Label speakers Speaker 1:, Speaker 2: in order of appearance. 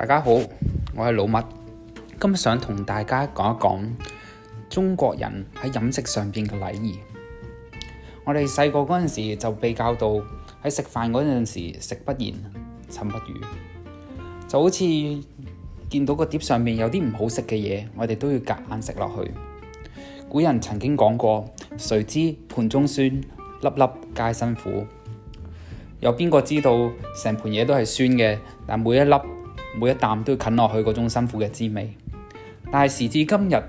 Speaker 1: 大家好，我係老麥，今日想同大家講一講中國人喺飲食上邊嘅禮儀。我哋細個嗰陣就被教到喺食飯嗰陣時候食不言，寢不語，就好似見到個碟上面有啲唔好食嘅嘢，我哋都要夾硬食落去。古人曾經講過，誰知盤中酸，粒粒皆辛苦。有邊個知道成盤嘢都係酸嘅，但每一粒？每一啖都要啃落去嗰種辛苦嘅滋味，但係時至今日。